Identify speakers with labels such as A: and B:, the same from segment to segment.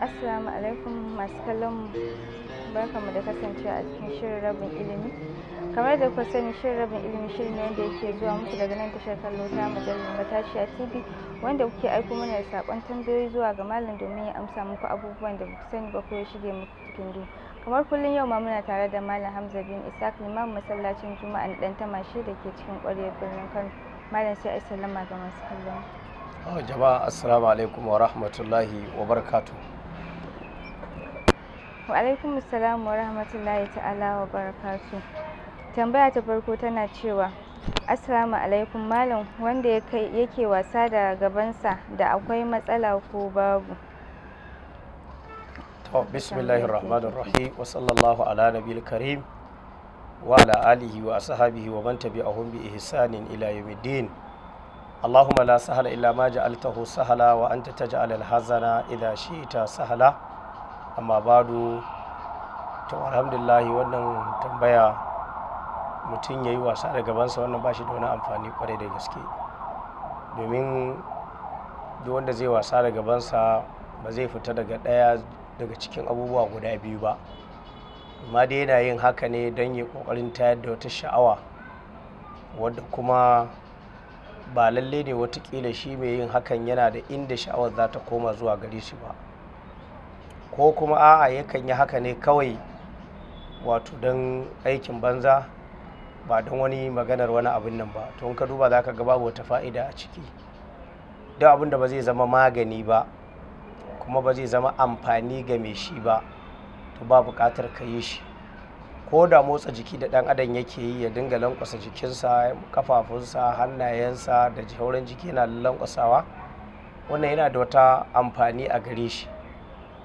A: Assalamu alaikum masu kallon barkanmu da kasancewa a cikin shirin rabin ilimi kamar da kuka sani shirin rabin ilimi shirin ne wanda yake zuwa muku daga nan tashar kallo ta mujallar matashiya tv wanda kuke aiko mana da sakon tambayoyi zuwa ga malam domin ya amsa muku abubuwan da ku sani ba ko ya shige muku cikin duhu kamar kullum yau ma muna tare da malam hamza bin isaac limamin masallacin juma'a na dan mashi da ke cikin kwarewar birnin kano malam sai a sallama ga masu kallon
B: oh, jama'a assalamu alaikum wa rahmatullahi wa barakatuh
A: Wa'alaikum salam wa rahmatullahi ta'ala wa barakatu. Tambaya ta farko tana cewa Assalamu alaikum malam wanda yake wasa da gabansa da akwai matsala ko babu.
B: To bismillahir rahmanir rahim wa sallallahu ala nabiyil karim wa ala alihi wa ashabihi wa man tabi'ahum bi ihsanin ila yawmiddin. Allahumma la sahla illa ma ja'altahu sahala wa anta taj'alul hazana idha shi'ta sahla. amma bado to alhamdulillahi wannan tambaya mutum ya yi wasa da gabansa wannan ba shi da wani amfani kwarai da gaske domin duk wanda zai wasa da gabansa ba zai fita daga ɗaya daga cikin abubuwa guda biyu ba amma dai yana yin haka ne don ya ƙoƙarin tayar da wata sha'awa wadda kuma ba lalle ne watakila shi mai yin hakan yana da inda sha'awar za ta koma zuwa gare shi ba ko kuma a'a yakan yi haka ne kawai wato don aikin banza ba don wani maganar wani abin nan ba to in ka duba za ka ga babu wata fa'ida a ciki duk abin da ba zai zama magani ba kuma ba zai zama amfani ga mai shi ba to ba buƙatar ka yi shi ko da motsa jiki da ɗan adam yake yi ya dinga lankwasa jikinsa kafafunsa hannayensa da sauran jiki yana lankwasawa wannan yana da wata amfani a gare shi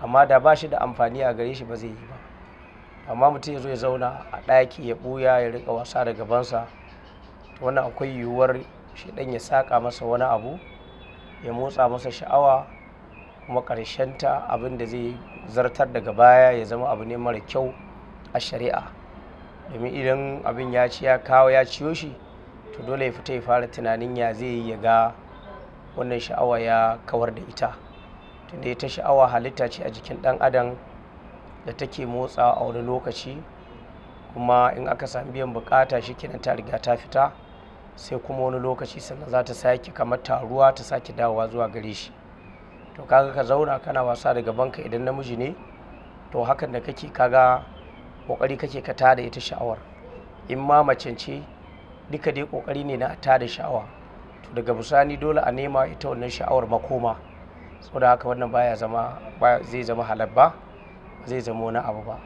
B: amma da ba shi da amfani a gare shi ba zai yi ba amma mutum ya zo ya zauna a ɗaki ya ɓuya ya riƙa wasa da gabansa wannan akwai yiwuwar shi ɗan ya saƙa masa wani abu ya motsa masa sha'awa kuma ta abin da zai zartar daga baya ya zama abu ne mara kyau a shari'a domin idan abin ya ci ya kawo ya ciyo shi to dole ya fita ya fara tunanin ya zai yi ya ga wannan sha'awa ya kawar da ita tunda ita sha'awa halitta ce a jikin ɗan adam da take motsa a wani lokaci kuma in aka sami biyan bukata shi kenan ta riga ta fita sai kuma wani lokaci sannan za ta sake kamar taruwa ta sake dawowa zuwa gare shi to kaga ka zauna kana wasa da gabanka idan namiji ne to hakan da kake kaga kokari kake ka tada ita sha'awar in ma macen ce duka dai kokari ne na tada sha'awa to daga bisani dole a nema ita wannan sha'awar makoma saboda haka wannan baya zama zai zama halal ba zai zama wani abu ba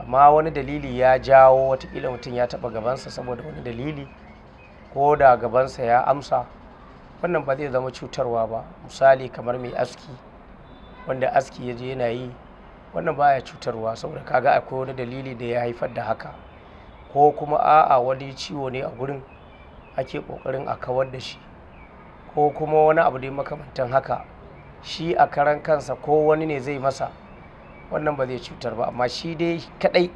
B: amma wani dalili ya jawo watakila mutum ya taɓa gabansa saboda wani dalili ko da gabansa ya amsa wannan ba zai zama cutarwa ba misali kamar mai aski wanda aski ya je yana yi wannan baya cutarwa saboda kaga akwai wani dalili da ya haifar da haka ko kuma a'a wani ciwo ne a gurin ake kokarin a kawar da shi ko kuma wani abu dai makamantan haka shi a karan kansa ko wani ne zai masa wannan ba zai cutar ba amma shi dai kadai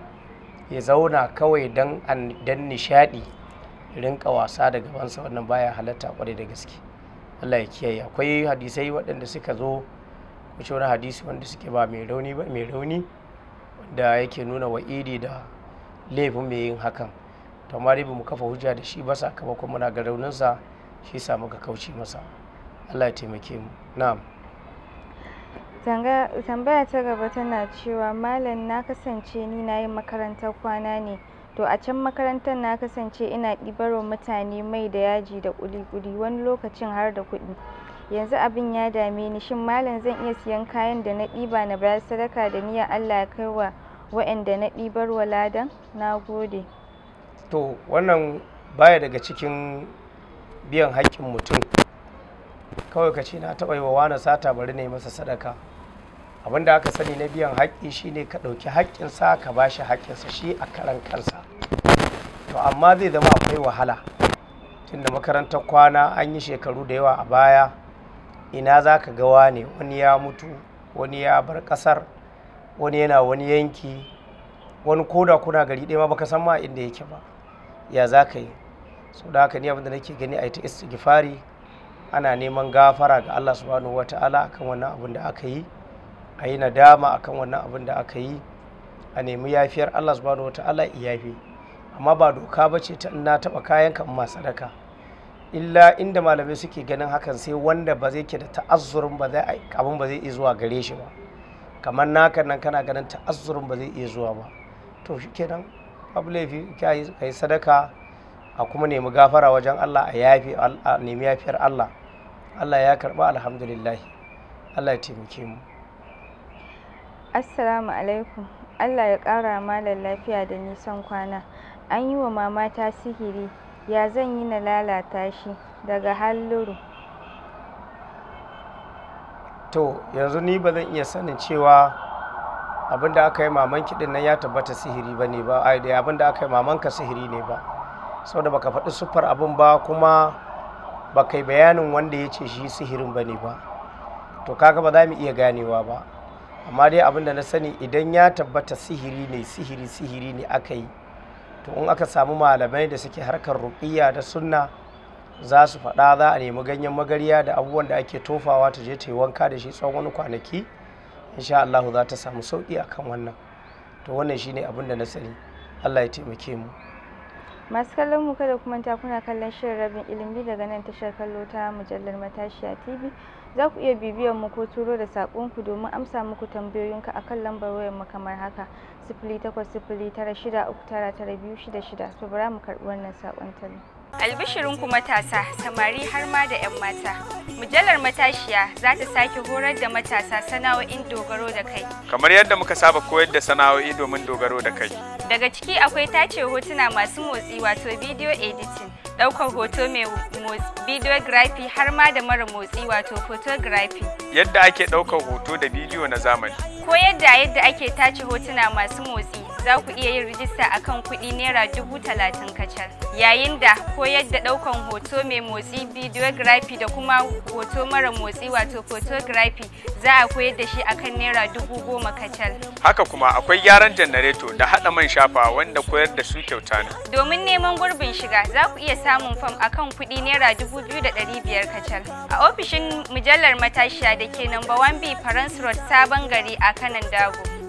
B: ya zauna kawai dan nishadi rinka wasa da gabansa wannan baya halatta kwarai da gaske Allah ya kiyaye akwai hadisai waɗanda suka zo wuce wani hadisi wanda suke ba mai rauni ba mai rauni da yake nuna wa'idi da laifin mai yin hakan to amma dai mu kafa hujja da shi ba sakamakon muna ga rauninsa shi samu muka kauce masa Allah ya taimake mu na'am
A: Tambaya ta gaba tana cewa Malam na kasance ni nayi makarantar kwana ne, to a can makarantar na kasance ina ɗibarwa mutane mai da yaji da ƙuli-ƙuli wani lokacin har da kuɗi, yanzu abin ya dame ni shin Malam zan iya siyan kayan da na ɗiba na bayar sadaka da niyyar Allah ya kai wa waɗanda na ɗibar wa ladan? Na gode.
B: To wannan baya daga cikin biyan haƙƙin mutum kawai ka ce na taɓa yi wa wani sata bari ne masa sadaka abin da aka sani na biyan haƙƙi shine ka ɗauki haƙƙinsa ka ba shi haƙƙinsa shi a karan kansa to amma zai zama akwai wahala tunda makarantar kwana an yi shekaru da yawa a baya ina za ka ga wani wani ya mutu wani ya bar ƙasar wani yana wani yanki wani koda kuna gari ɗaya ma baka san ma inda yake ba ya za ka yi so da haka ni abin da nake gani a ita istighfari ana neman gafara ga Allah subhanahu ta'ala akan wannan abin da aka yi a yi nadama akan wannan abin da aka yi a nemi yafiyar Allah subhanahu wata'ala iyafi amma ba doka ba ce ta na taɓa kayan kan ma sadaka illa inda malamai suke ganin hakan sai wanda ba zai ke da ta'azzurin ba zai abin ba zai iya zuwa gare shi ba kamar naka nan kana ganin ta'azzurin ba zai iya zuwa ba to shikenan babu laifi ka yi sadaka a kuma nemi gafara wajen Allah a yafi a nemi yafiyar Allah Allah ya karba alhamdulillah Allah ya taimake mu
A: Assalamu alaikum Allah ya ƙara malam lafiya da nisan kwana an yi wa mamata sihiri ya zan yi na lalata shi daga halluru
B: to yanzu ni ba zan iya sanin cewa abin da aka yi maman kiɗin nan ya tabbata sihiri ba ne ba abin da aka yi mamanka sihiri ne ba sau da baka faɗi siffar abin ba kuma ba kai bayanin wanda ya ce shi sihirin ba ne ba to kaga ba za mu iya ganewa ba amma dai abin da na sani idan ya tabbata sihiri ne sihiri sihiri ne aka yi to in aka samu malamai da suke harkar ruƙiyya da sunna za su faɗa za a nemi ganyen magarya da abubuwan da ake tofawa ta je ta yi wanka da shi tsawon wani kwanaki insha Allah za ta samu sauƙi akan wannan to wannan shine abin da na sani Allah ya taimake mu
A: Masu kallon mu kada ku manta kuna kallon shirin rabin ilimi daga nan tashar kallo ta mujallar Matashiya TV. Za ku iya bibiyar mu ko turo da ku domin amsa muku tambayoyinku a kan lambar wayar mu kamar haka sifili takwas tara shida uku tara tara biyu shida shida. To bara mu karɓi wannan saƙon talo. ku matasa, samari har ma da 'yan mata. Mujallar matashiya za ta sake horar da matasa sana'o'in dogaro da kai.
B: Kamar yadda muka saba koyar da sana'o'i domin dogaro da kai.
A: Daga ciki akwai tace hotuna masu motsi wato video editing. ɗaukar hoto mai videography har ma da mara motsi wato photography.
B: Yadda ake ɗaukar hoto da bidiyo na zamani.
A: Ko yadda yadda ake tace hotuna masu motsi za ku iya yin rijista a kan kuɗi naira dubu talatin kacal. Yayin da ko yadda ɗaukan hoto mai motsi videography da kuma hoto mara motsi wato photography za a koyar da shi akan naira dubu goma kacal.
B: Haka kuma akwai gyaran janareto da haɗa man shafa wanda koyar da su kyauta ne.
A: Domin neman gurbin shiga za ku iya samun fam kan kuɗi naira dubu biyu da ɗari biyar kacal. A ofishin mujallar matashiya da ke namba 1B Faransu Road Sabon Gari a kanan Dago.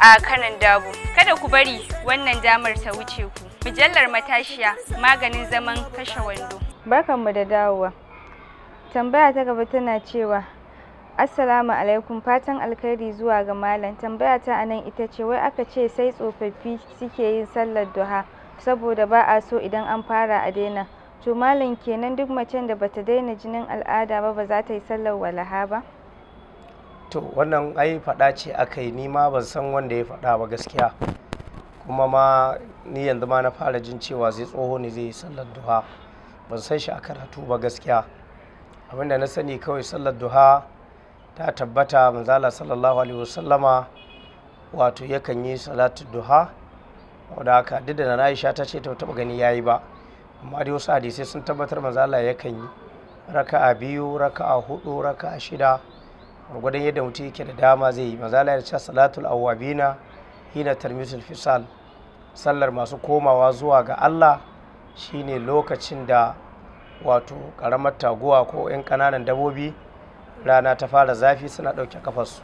A: a kanan dabu kada ku bari wannan damar ta wuce ku mujallar matashiya maganin zaman kashe wando barkanmu da dawowa tambaya ta gaba tana cewa assalamu alaikum fatan alkhairi zuwa ga malam tambaya ta anan ita ce wai aka ce sai tsofaffi suke yin sallar duha saboda ba a so idan an fara a daina to malam kenan duk macen da bata daina jinin al'ada ba ba za ta yi sallar walaha ba
B: to wannan ai faɗa ce aka yi ni ma ban san wanda ya faɗa ba gaskiya kuma ma ni yanzu ma na fara jin cewa zai tsoho ne zai yi sallar duha ban san shi a karatu ba gaskiya abinda na sani kawai sallar duha ta tabbata manzala sallallahu alaihi wasallama wato yakan yi salatu duha wadda haka duk da na aisha ta ce ta taɓa gani yayi ba amma dai wasu hadisai sun tabbatar manzala yakan yi raka'a biyu raka'a hudu raka'a shida gwargwadon yadda mutum yake da dama zai yi maza ya ce salatul awwabina hina tarmisul fisal sallar masu komawa zuwa ga Allah shine lokacin da wato karamar taguwa ko 'yan kananan dabobi rana ta fara zafi suna ɗauke kafarsu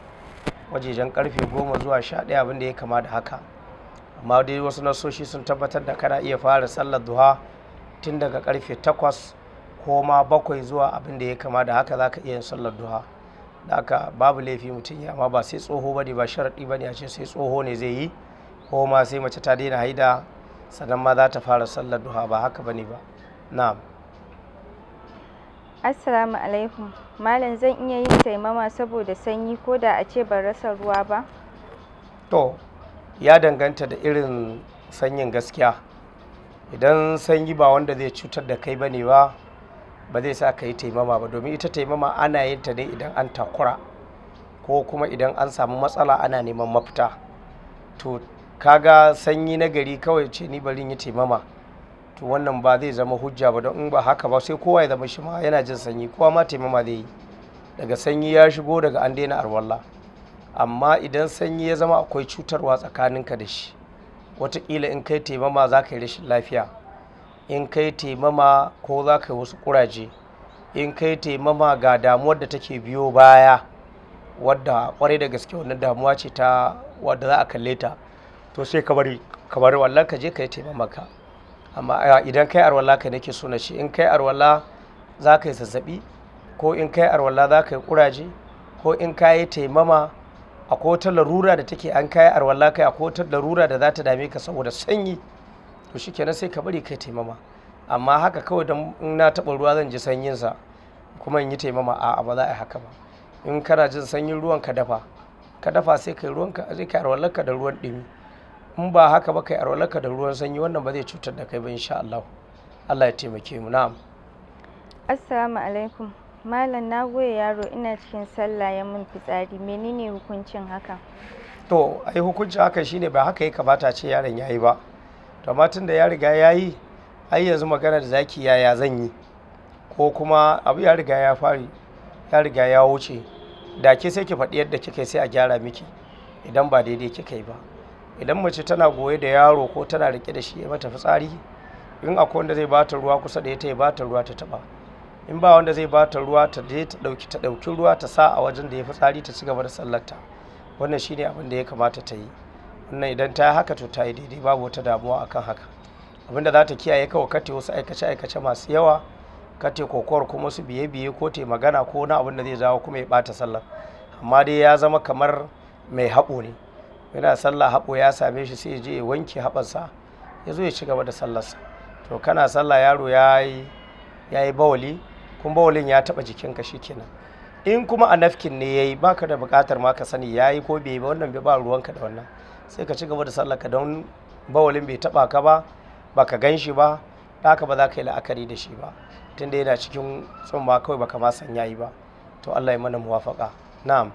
B: wajejen karfe goma zuwa sha ɗaya abinda ya kama da haka amma dai wasu nasoshi sun tabbatar da kana iya fara sallar duha tun daga karfe takwas ko ma bakwai zuwa abinda ya kama da haka za ka iya yin sallar duha haka babu laifi mutum ya amma ba sai tsoho ba ne ba sharaɗi ba ne a ce sai tsoho ne zai yi ko ma sai mace ta daina haida sannan ma za ta fara sallar duha ba haka ba ne ba na'am
A: assalamu alaikum malam zan iya yin taimama saboda sanyi ko da a ce ban rasa ruwa ba
B: to ya danganta da irin sanyin gaskiya idan sanyi ba wanda zai cutar da kai ba ne ba ba zai sa ka yi taimama ba domin ita taimama ana yin ta ne idan an takura ko kuma idan an samu matsala ana neman mafita to kaga sanyi na gari kawai ce ni barin yi taimama to wannan ba zai zama hujja ba don in ba haka ba sai kowa ya zama shi ma yana jin sanyi kowa ma taimama zai yi daga sanyi ya shigo daga an daina arwalla amma idan sanyi ya zama akwai cutarwa tsakaninka da shi wataƙila in kai taimama za ka yi rashin lafiya in kai taimama ko za ka yi wasu ƙuraje in kai taimama ga damuwar da take biyo baya wadda kwarai da gaske wannan damuwa ce ta wadda za a kalle ta to sai ka bari ka bari wallan ka je ka yi taimamaka amma idan kai arwala ka nake so na ce in kai arwala za ka yi zazzabi ko in kai arwala za ka yi kuraje ko in ka yi taimama akwai wata larura da take an kai arwala kai akwai wata larura da za ta dame ka saboda sanyi to kenan sai ka bari kai taimama amma haka kawai don in na taɓa ruwa zan ji sanyin sa kuma in yi taimama a ba za a yi haka ba in kana jin sanyin ruwan ka dafa ka dafa sai kai ruwan ka sai kai arwalarka da ruwan ɗumi in ba haka ba kai arwalarka da ruwan sanyi wannan ba zai cutar da kai ba insha Allah Allah ya taimake mu na'am
A: assalamu alaikum malam na goya yaro ina cikin sallah ya mun fitsari menene hukuncin haka
B: to ai hukuncin haka shine ba haka ya kamata ce yaron yayi ba tun da ya riga ya yi ai yanzu maganar zaki ya zan yi ko kuma abu ya riga ya fari ya riga ya wuce da ke sai ki faɗi yadda kika sai a gyara miki idan ba daidai kika yi ba idan mace tana goye da yaro ko tana rike da shi ya mata fitsari in akwai wanda zai bata ruwa kusa da ita ya bata ruwa ta taba in ba wanda zai bata ruwa ta je ta dauki ta dauki ruwa ta sa a wajen da ya fitsari ta ci gaba da sallarta wannan shine abin da ya kamata ta yi wannan idan ta haka to ta yi daidai babu wata damuwa akan haka abinda za ta kiyaye kawo kate wasu aikace aikace masu yawa kate kokowar kuma su biye biye ko ta magana ko na abin da zai zawo kuma ya bata sallar amma dai ya zama kamar mai haɓo ne yana sallah haɓo ya same shi sai je ya wanke haɓansa ya zo ya ci gaba da sallarsa to kana sallah yaro ya yi ya yi bawali kuma bawalin ya taɓa jikinka kenan in kuma a nafkin ne ya yi baka da buƙatar ma ka sani ya yi ko bai ba wannan bai ba ruwanka da wannan sai ka ci gaba da sallaka don bawalin bai taba ka ba ka gan shi ba da haka ba za ka yi la'akari da shi ba tunda yana cikin ba kawai baka ma san yayi ba to Allah ya mana muwafaka na'am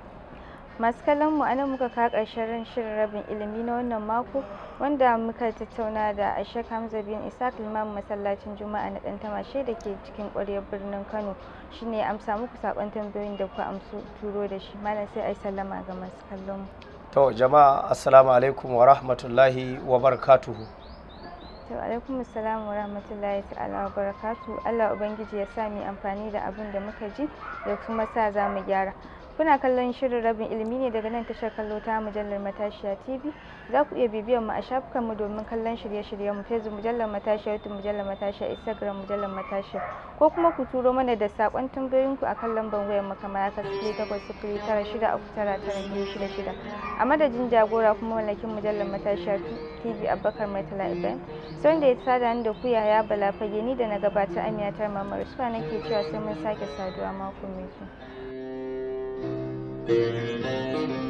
A: masu kallon mu anan muka kawo shirin shirin rabin ilimi na wannan mako wanda muka tattauna da ashek hamza bin isaac limamin masallacin juma'a na ɗan tamashe da ke cikin ƙwaryar birnin kano shine amsa muku saƙon tambayoyin da ku amsu turo da shi mana sai ayi sallama ga masu kallon mu
B: to jama'a assalamu alaikum wa rahmatullahi wa barakatuhu
A: to alaikum assalam wa rahmatullahi ta'ala wa barakatuhu Allah ubangiji ya sa mu amfani da abin da muka ji da kuma sa za mu gyara Kuna kallon shirin rabin ilimi ne daga nan tashar kallo ta mujallar Matashiya TV. Za ku iya bibiyar mu a shafukanmu domin kallon shirye-shiryenmu Facebook mujallar Matashiya, YouTube mujallar Matashiya, Instagram mujallar Matashiya. Ko kuma ku turo mana da sakon tambayoyinku a kan lambar wayar mu kamar haka sifili takwas sifili tara shida uku tara tara biyu shida shida. A madadin jagora kuma mallakin mujallar Matashiya TV Abubakar tala Ibrahim. Sai da ya sada ni da ku ya Bala Fage ni da na gabatar Amiya Tarmamar. Suwa nake cewa sai mun sake saduwa mako mai zuwa. Thank you.